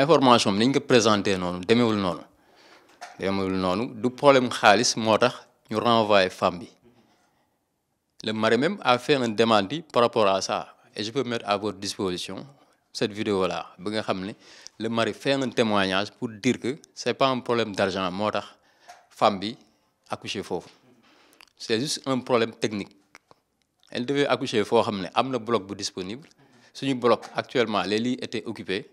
information bi ko présenté noonu demewul noonu demewul du problème xaalis motax ñu renvoyer femme le mari même a fait un demande par rapport à ça et je peux mettre à votre disposition cette vidéo là le mari fait un témoignage pour dire que c'est pas un problème d'argent motax femme bi accoucher c'est juste un problème technique elle devait accoucher fo xamné y bloc bu disponible suñu bloc actuellement les lits étaient occupés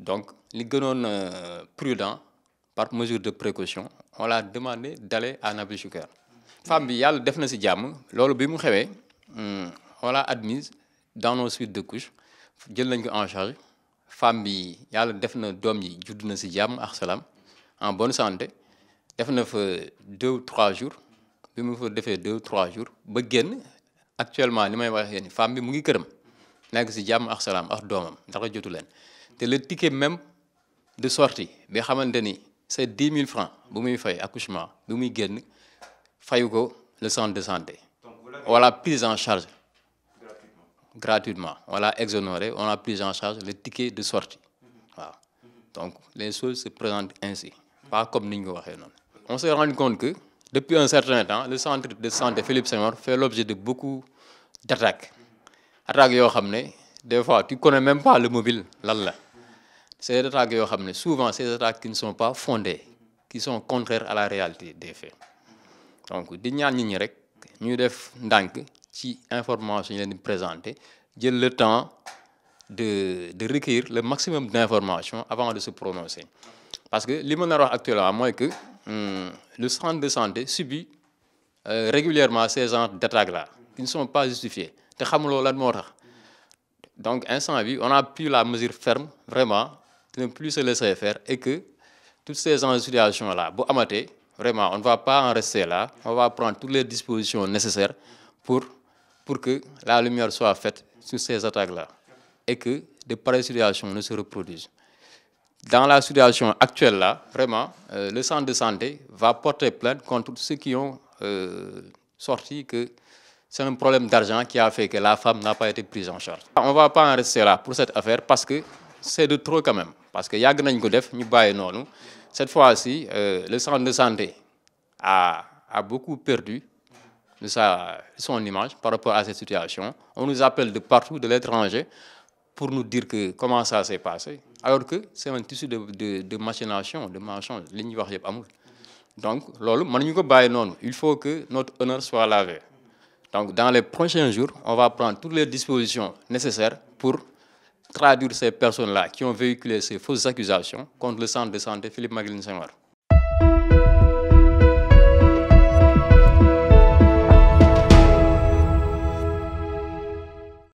donc les gënoon euh, prudent par mesure de précaution on l'a demandé d'aller à Nabil La femme bi fait def hmm, on l'a admise dans nos suites de couches en charge femme bi en bonne santé def deux ou trois jours Elle deux ou trois jours actuellement la famille c'est le ticket même de sortie c'est 10 000 francs Si fay accouchement bu le centre de santé voilà prise en charge gratuitement on l'a exonéré on a pris en charge le ticket de sortie mhm. donc les choses se présentent ainsi pas comme nous. on s'est rendu compte que depuis un certain temps le centre de santé Philippe Seigneur fait l'objet de beaucoup d'attaques attaques des fois tu connais même pas le mobile lan c'est des attaques, souvent, ces attaques qui ne sont pas fondées, qui sont contraires à la réalité des faits. Donc, nous ñaan nit ñi le temps de de recueillir le maximum d'informations avant de se prononcer parce que li que actuellement c'est que le centre de santé subit euh, régulièrement ces genres là qui ne sont pas justifiées donc on a pris la mesure ferme vraiment de ne plus se laisser faire et que toutes ces là bon, vraiment, on ne va pas en rester là. On va prendre toutes les dispositions nécessaires pour, pour que la lumière soit faite sur ces attaques-là et que de pareilles situations ne se reproduisent. Dans la situation actuelle, là, vraiment, euh, le centre de santé va porter plainte contre tous ceux qui ont euh, sorti que c'est un problème d'argent qui a fait que la femme n'a pas été prise en charge. On ne va pas en rester là pour cette affaire parce que c'est de trop quand même parce que y avons cette fois-ci euh, le centre de santé a a beaucoup perdu de sa son image par rapport à cette situation on nous appelle de partout de l'étranger pour nous dire que comment ça s'est passé alors que c'est un tissu de machination de mensonge donc il faut que notre honneur soit lavé donc dans les prochains jours on va prendre toutes les dispositions nécessaires pour traduire ces personnes-là qui ont véhiculé ces fausses accusations contre le centre de santé Philippe saint Senghor.